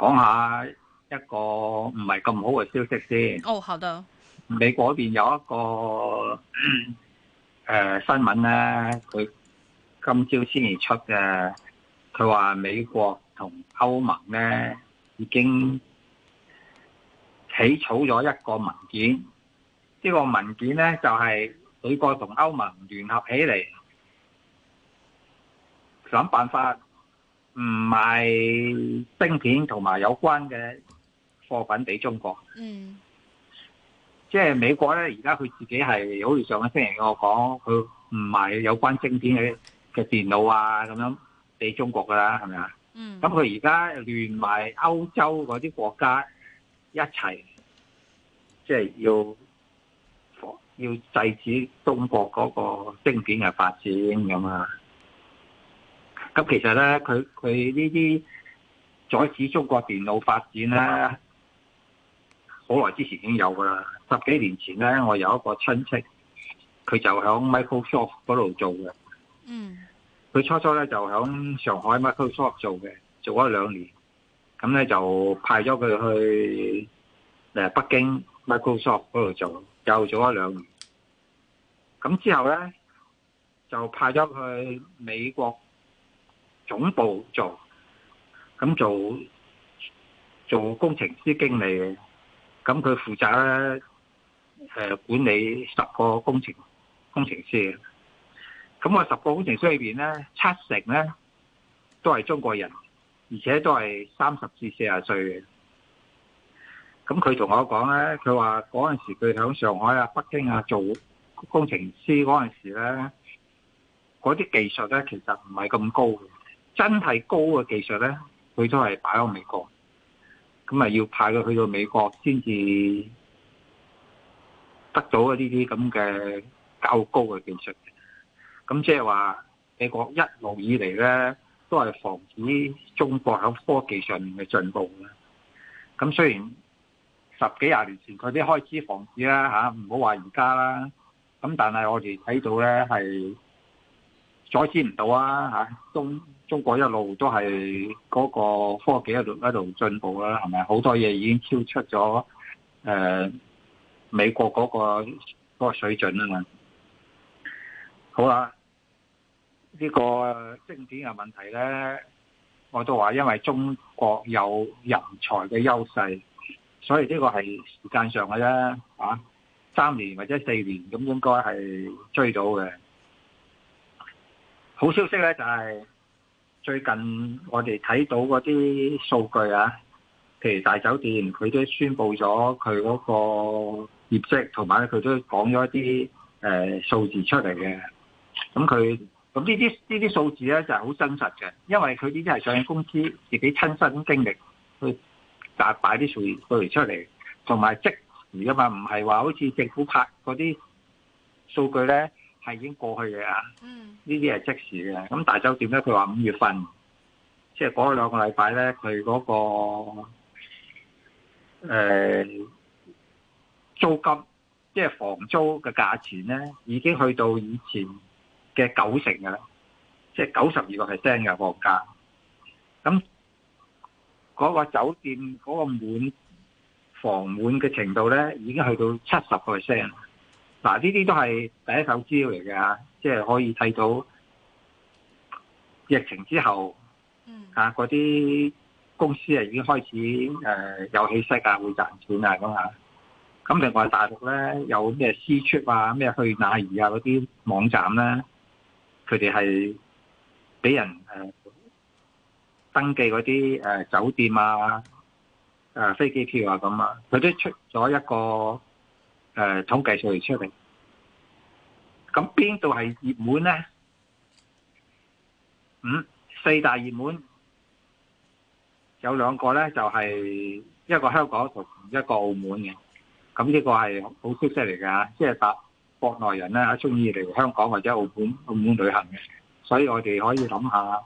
講下一個唔係咁好嘅消息先。哦，好的。美國嗰邊有一個誒新聞咧，佢今朝先而出嘅。佢話美國同歐盟咧，已經起草咗一個文件。呢個文件咧，就係美國同歐盟聯合起嚟想辦法，唔賣晶片同埋有關嘅貨品俾中國，嗯，即係美國咧，而家佢自己係好似上一星期我講，佢唔賣有關晶片嘅嘅電腦啊，咁樣俾中國噶啦，係咪啊？嗯，咁佢而家連埋歐洲嗰啲國家一齊，即係要要制止中國嗰個晶片嘅發展咁啊！咁其實咧，佢佢呢啲阻止中國電腦發展咧，好、嗯、耐之前已經有噶啦。十幾年前咧，我有一個親戚，佢就喺 Microsoft 嗰度做嘅。嗯。佢初初咧就喺上海 Microsoft 做嘅，做咗兩年。咁咧就派咗佢去北京 Microsoft 嗰度做，又做咗兩年。咁之後咧就派咗佢去美國。總部做，咁做做工程師經理嘅，咁佢負責咧，誒管理十個工程工程師嘅，咁我十個工程師裏邊咧，七成咧都係中國人，而且都係三十至四十歲嘅，咁佢同我講咧，佢話嗰陣時佢響上海啊、北京啊做工程師嗰陣時咧，嗰啲技術咧其實唔係咁高嘅。真係高嘅技術咧，佢都係擺喺美國，咁啊要派佢去到美國先至得到呢啲咁嘅較高嘅技術。咁即係話美國一路以嚟咧都係防止中國喺科技上面嘅進步啦。咁雖然十幾廿年前佢啲開始防止啦，吓，唔好話而家啦。咁但係我哋睇到咧係阻止唔到啊中。啊中國一路都係嗰個科技一路一路進步啦，係咪？好多嘢已經超出咗誒美國嗰個個水準啊嘛。好啦，呢個晶片嘅問題咧，我都話因為中國有人才嘅優勢，所以呢個係時間上嘅啫，啊，三年或者四年咁應該係追到嘅。好消息咧就係、是。最近我哋睇到嗰啲數據啊，譬如大酒店佢都宣布咗佢嗰個業績，同埋佢都講咗一啲誒數字出嚟嘅。咁佢咁呢啲呢啲數字咧就係好真實嘅，因為佢呢啲係上市公司自己親身經歷去打擺啲數字出嚟，同埋即時噶嘛，唔係話好似政府拍嗰啲數據咧。係已經過去嘅啊，呢啲係即時嘅。咁大酒店咧，佢話五月份，即係嗰兩個禮拜咧，佢嗰、那個誒、呃、租金，即、就、係、是、房租嘅價錢咧，已經去到以前嘅九成噶啦，即係九十二個 percent 嘅房價。咁、那、嗰個酒店嗰個滿房滿嘅程度咧，已經去到七十個 percent。嗱，呢啲都係第一手資料嚟嘅，即係可以睇到疫情之後，嗰、嗯、啲公司啊已經開始誒有起息啊，會賺錢啊咁，咁另外大陸咧有咩 C Trip 啊、咩去哪兒啊嗰啲網站咧，佢哋係俾人、呃、登記嗰啲、呃、酒店啊、呃、飛機票啊咁啊，佢都出咗一個。誒，統計數嚟，出嚟，咁邊度係熱門咧？嗯，四大熱門有兩個咧，就係、是、一個香港同一個澳門嘅。咁、就是、呢個係好消息嚟嘅，即係把國內人咧喺中意嚟香港或者澳門澳門旅行嘅，所以我哋可以諗下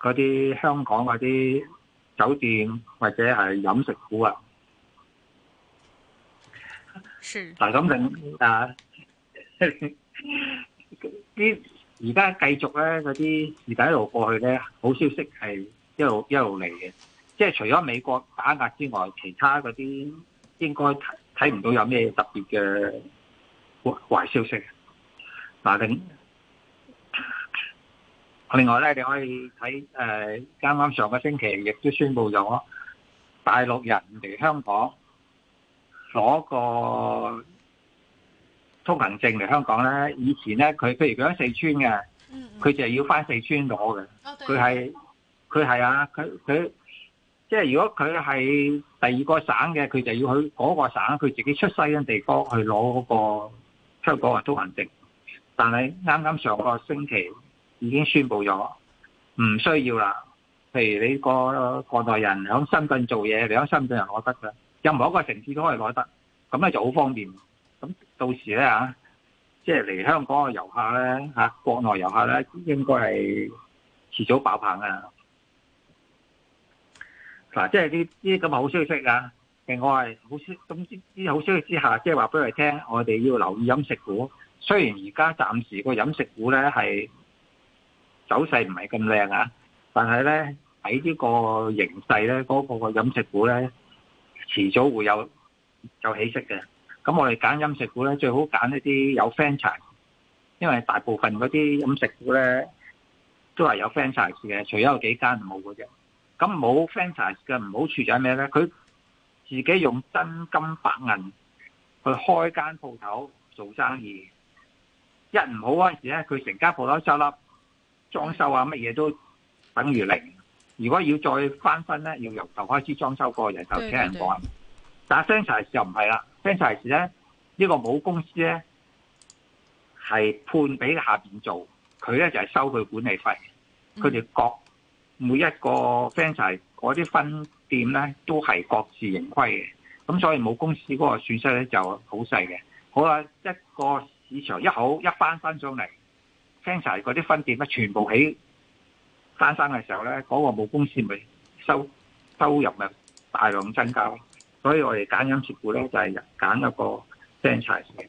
嗰啲香港嗰啲酒店或者係飲食股啊。嗱，咁另啊啲而家繼續咧嗰啲事態一路過去咧，好消息係一路一路嚟嘅，即係除咗美國打壓之外，其他嗰啲應該睇唔到有咩特別嘅壞消息。嗱，另另外咧，你可以睇誒啱啱上個星期亦都宣布咗大陸人嚟香港，攞個通行證嚟香港咧，以前咧佢譬如佢喺四川嘅，佢就係要翻四川攞嘅。佢係佢係啊，佢佢即係如果佢係第二個省嘅，佢就要去嗰個省，佢自己出世嘅地方去攞嗰、嗰個香港嘅通行證。但係啱啱上個星期已經宣布咗唔需要啦。譬如你個國內人喺深圳做嘢，你喺深圳人攞得㗎。任何一個城市都可以攞得，咁咧就好方便。咁到時咧嚇，即係嚟香港嘅遊客咧嚇，國內遊客咧，應該係遲早爆棚啊！嗱，即係呢呢啲咁嘅好消息啊，另外好消，之好消息之下，即係話俾佢聽，我哋要留意飲食股。雖然而家暫時個飲食股咧係走勢唔係咁靚啊，但係咧喺呢個形勢咧，嗰、嗰個嗰個飲食股咧。遲早會有有起色嘅，咁我哋揀飲食股咧，最好揀一啲有 franchise，因為大部分嗰啲飲食股咧都係有 franchise 嘅，除咗有幾間唔好嘅啫。咁冇 franchise 嘅唔好處就係咩咧？佢自己用真金白銀去開間鋪頭做生意，一唔好嗰陣時咧，佢成間鋪頭執笠，裝修啊乜嘢都等於零。如果要再翻新咧，要由頭開始裝修嗰個人就請人講。但係 franchise 就唔係啦 ，franchise 呢呢、這個母公司咧係判俾下邊做，佢咧就係、是、收佢管理費。佢、嗯、哋各每一個 franchise 啲分店咧都係各自盈虧嘅，咁所以母公司嗰個損失咧就好細嘅。好啦，一個市場一好一翻返上嚟，franchise 啲分店咧全部起。翻生嘅時候咧，嗰、那個母公司咪收收入咪大量增加咯，所以我哋揀飲食股咧就係揀一個政策型。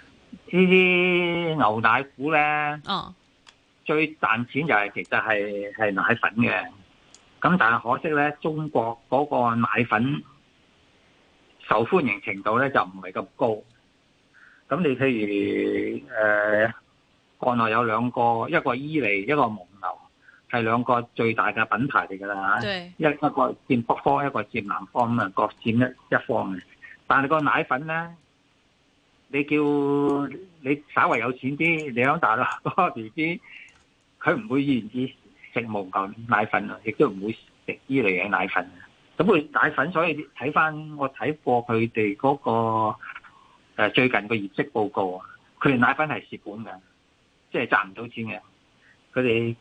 呢啲牛奶股咧，哦，最賺錢就係其實係係奶粉嘅。咁但係可惜咧，中國嗰個奶粉受歡迎程度咧就唔係咁高。咁你譬如誒、呃，國內有兩個，一個伊利，一個蒙牛，係兩個最大嘅品牌嚟噶啦吓。對。一一個佔北方，一個佔南方，啊各佔一一方嘅。但係個奶粉咧。你叫你稍為有錢啲，你喺大陸，個 B B 佢唔會願意食蒙牛奶粉啊，亦都唔會食伊利嘅奶粉啊。咁佢奶粉，所以睇翻我睇過佢哋嗰個、呃、最近個業績報告啊，佢哋奶粉係蝕本嘅，即係賺唔到錢嘅。佢哋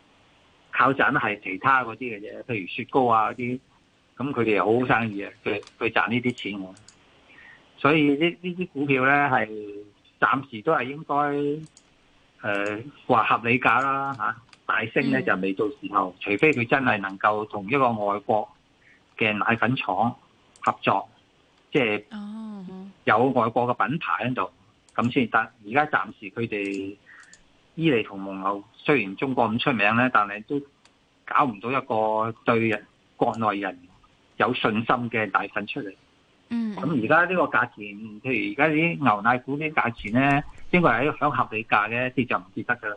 靠賺係其他嗰啲嘅嘢，譬如雪糕啊嗰啲，咁佢哋又好好生意啊，佢佢賺呢啲錢所以呢呢啲股票咧，係暫時都係應該誒話、呃、合理價啦吓、啊、大升咧就未到時候，嗯、除非佢真係能夠同一個外國嘅奶粉廠合作，即、就、係、是、有外國嘅品牌喺度咁先得。但而家暫時佢哋伊利同蒙牛雖然中國咁出名咧，但係都搞唔到一個對國內人有信心嘅奶粉出嚟。嗯，咁而家呢個價錢，譬如而家啲牛奶股啲價錢咧，應該係一個合理價嘅，跌就唔跌得噶喇。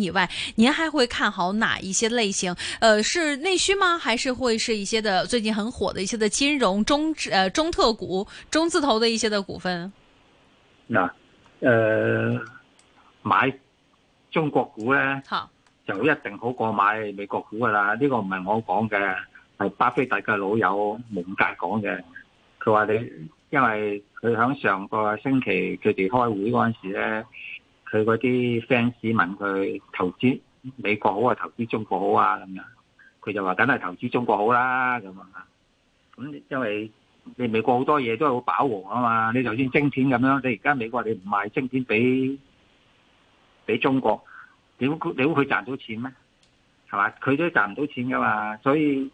以外，您還會看好哪一些類型？呃，是內需嗎？還是會是一些的最近很火的一些的金融中，呃中特股、中字頭的一些的股份。嗱、嗯，誒、呃，買中國股咧，就一定好過買美國股噶啦。呢、這個唔係我講嘅，係巴菲特嘅老友蒙格講嘅。佢話你因為佢響上個星期佢哋開會嗰陣時咧。佢嗰啲 fans 問佢投資美國好啊，投資中國好啊咁樣，他說，佢就話梗係投資中國好啦咁樣啊。咁因為你美國好多嘢都係好飽和啊嘛，你就算晶片咁樣，你而家美國你唔賣晶片俾俾中國，你估你估佢賺到錢咩？係嘛，佢都賺唔到錢噶嘛。所以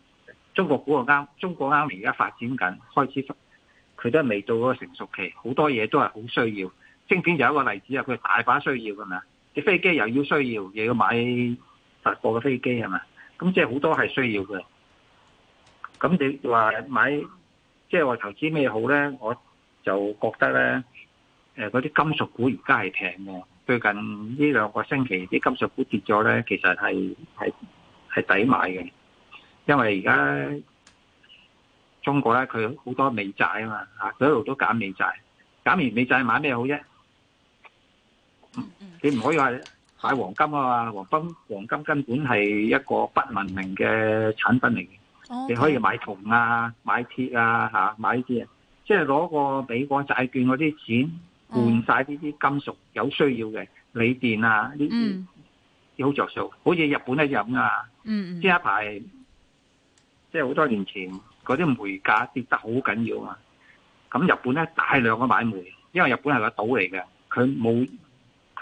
中國股個啱，中國啱而家發展緊，開始佢都係未到個成熟期，好多嘢都係好需要。晶片有一個例子啊，佢大把需要㗎，係咪？啊？隻飛機又要需要，又要買外國嘅飛機，係嘛？咁即係好多係需要嘅。咁你話買，即係話投資咩好咧？我就覺得咧，誒，嗰啲金屬股而家係平嘅。最近呢兩個星期啲金屬股跌咗咧，其實係係係抵買嘅，因為而家中國咧佢好多美債啊嘛，啊，佢一路都減美債，減完美債買咩好啫？你唔可以話買黃金啊嘛，黃金黃金根本係一個不文明嘅產品嚟嘅。Okay. 你可以買銅啊，買鐵啊，吓，買呢啲啊，即係攞個美國債券嗰啲錢換晒呢啲金屬，有需要嘅鋰、mm. 電啊，呢啲好着數。Mm. 好似日本一樣啊，嗯，即前一排即係好多年前嗰啲煤價跌得好緊要啊，咁日本咧大量嘅買煤，因為日本係個島嚟嘅，佢冇。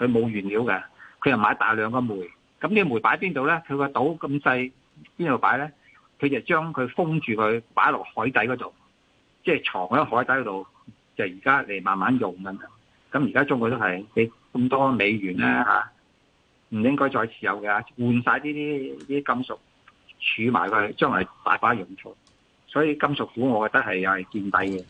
佢冇原料嘅，佢又買大量嘅煤。咁呢個煤擺邊度咧？佢個島咁細，邊度擺咧？佢就將佢封住佢，擺落海底嗰度，即係藏喺海底嗰度，就而家嚟慢慢用嘅。咁而家中國都係畀咁多美元咧、啊、吓，唔應該再持有嘅，換晒呢啲啲金屬儲埋佢，將來大把用途。所以金屬股我覺得係又係見底嘅。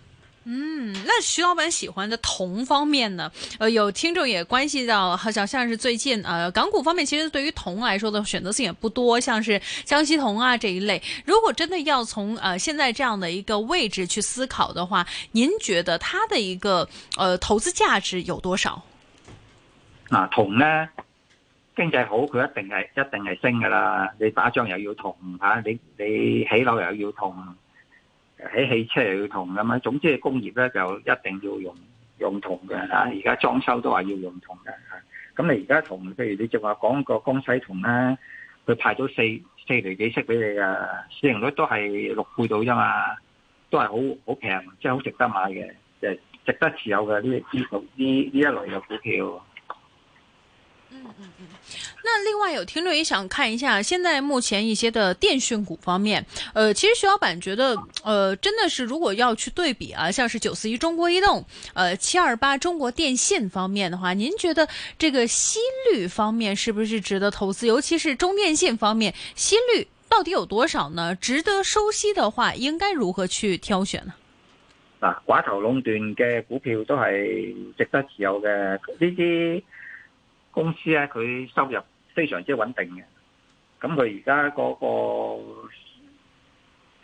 嗯，那徐老闆喜歡的銅方面呢？呃，有聽眾也關係到，好像像是最近呃港股方面其實對於銅來說的選擇性也不多，像是江西銅啊這一類。如果真的要從呃現在這樣的一個位置去思考的話，您覺得它的一個呃投資價值有多少？那銅呢？經濟好，佢一定係一定係升㗎啦。你打仗又要銅啊，你你起樓又要銅。喺汽車又要銅咁樣，總之嘅工業咧就一定要用用銅嘅嚇。而家裝修都話要用銅嘅嚇。咁你而家銅，譬如你仲話講個江西銅咧，佢派到四四釐幾息俾你噶，市盈率都係六倍到啫嘛，都係好好平，即係好值得買嘅，就係、是、值得持有嘅呢呢呢呢一類嘅股票。那另外有聽眾也想看一下，現在目前一些的電訊股方面，呃，其實徐老闆覺得，呃，真的是如果要去對比啊，像是九四一中國移動，呃，七二八中國電信方面的話，您覺得這個息率方面是不是值得投資？尤其是中電信方面，息率到底有多少呢？值得收息的話，應該如何去挑選呢？嗱、啊，寡頭壟斷嘅股票都係值得持有嘅，這些公司咧、啊，佢收入非常之穩定嘅。咁佢而家嗰個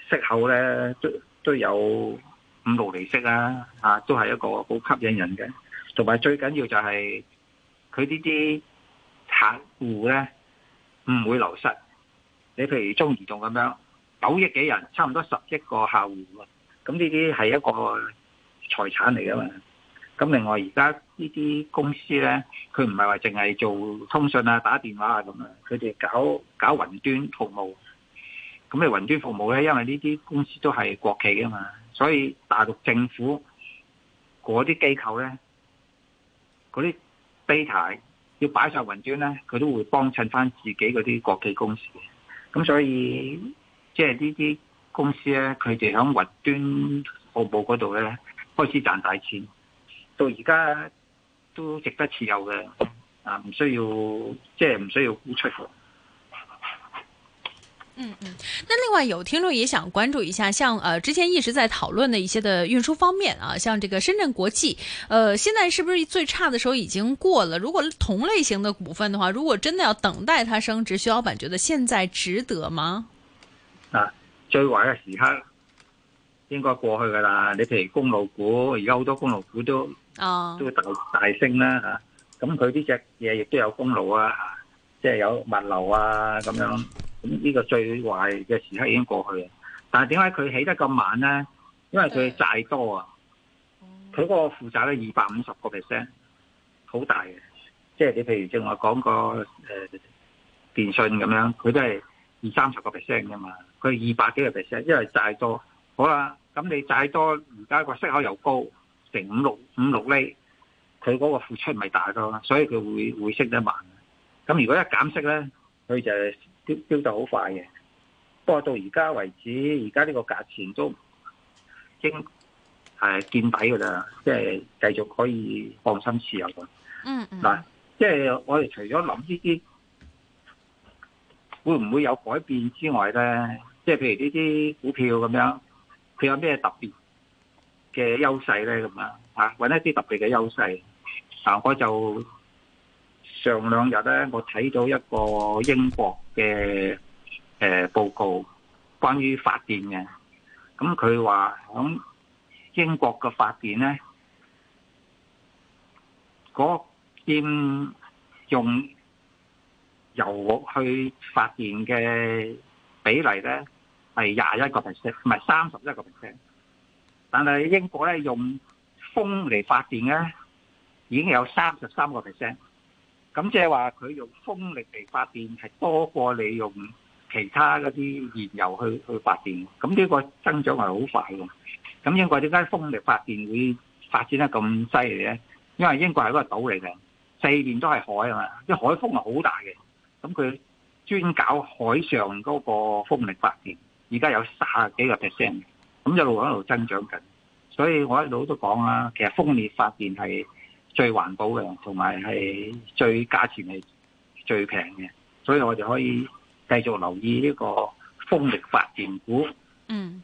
息口咧，都都有五六厘息啦、啊啊，都係一個好吸引人嘅。同埋最緊要就係、是、佢呢啲客戶咧，唔會流失。你譬如中移動咁樣，九億幾人，差唔多十億個客戶，咁呢啲係一個財產嚟噶嘛。咁另外而家呢啲公司咧，佢唔係話淨係做通訊啊、打電話啊咁，佢哋搞搞雲端服務。咁你雲端服務咧，因為呢啲公司都係國企啊嘛，所以大陸政府嗰啲機構咧，嗰啲 beta 要擺晒雲端咧，佢都會幫襯翻自己嗰啲國企公司。咁所以即係呢啲公司咧，佢哋響雲端服務嗰度咧，開始賺大錢。到而家都值得持有嘅，啊唔需要即係唔需要沽出。嗯嗯，那另外有聽眾也想關注一下，像之前一直在討論的一些的運輸方面啊，像這個深圳國際，誒、呃、現在是不是最差的時候已經過了？如果同類型的股份的話，如果真的要等待它升值，徐老闆覺得現在值得嗎？啊，最壞嘅時刻應該過去噶啦。你譬如公路股，而家好多公路股都。Oh. 都大大升啦吓，咁佢呢隻嘢，亦都有功勞啊，即係有物流啊咁樣，咁、這、呢個最壞嘅時刻已經過去啦。但係點解佢起得咁慢咧？因為佢債多啊，佢、oh. 個負債咧二百五十個 percent，好大嘅。即係你譬如正話講個誒電信咁樣，佢都係二三十個 percent 噶嘛，佢二百幾個 percent，因為債多。好啦，咁你債多，而家個息口又高。成五六五六厘，佢嗰個付出咪大咯，所以佢會會升得慢。咁如果一減息咧，佢就飆飆得好快嘅。不過到而家為止，而家呢個價錢都應係、啊、見底噶啦，即、就、係、是、繼續可以放心持有。嗯、mm、嗯 -hmm.。嗱，即係我哋除咗諗呢啲會唔會有改變之外咧，即、就、係、是、譬如呢啲股票咁樣，佢有咩特別？嘅優勢咧咁樣，嚇揾一啲特別嘅優勢。嗱，我就上兩日咧，我睇到一個英國嘅誒報告，關於發電嘅。咁佢話響英國嘅發電咧，嗰邊用油去發電嘅比例咧係廿一個 percent，唔係三十一個 percent。但係英國咧用風嚟發電咧，已經有三十三個 percent，咁即係話佢用風力嚟發電係多過你用其他嗰啲燃油去去發電，咁呢個增長係好快嘅。咁英國點解風力發電會發展得咁犀利咧？因為英國係一個島嚟嘅，四面都係海啊嘛，啲海風係好大嘅，咁佢專搞海上嗰個風力發電，而家有卅幾個 percent。咁一路喺度增長緊，所以我一路都講啦。其實風力發電係最環保嘅，同埋係最價錢係最平嘅，所以我哋可以繼續留意呢個風力發電股。嗯。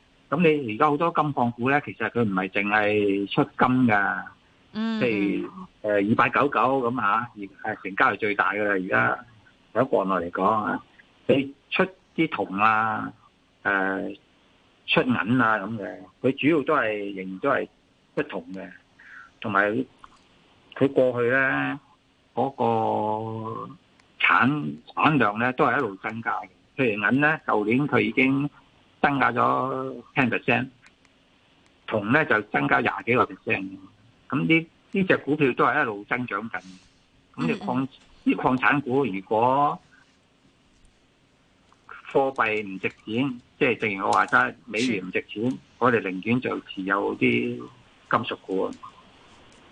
咁你而家好多金礦股咧，其實佢唔係淨係出金噶，譬、mm -hmm. 如誒二八九九咁嚇，而係成交係最大噶啦。而家喺國內嚟講出啊，出啲銅啊，誒出銀啊咁嘅，佢主要都係仍然都係出銅嘅，同埋佢過去咧嗰、嗰個產，產量咧都係一路增加嘅。譬如銀咧，舊年佢已經增加咗 ten percent，銅咧就增加廿幾個 percent，咁呢呢隻股票都係一路增長緊，咁你礦啲礦產股，如果貨幣唔值錢，即係正如我話齋美元唔值錢，我哋寧願就持有啲金屬股。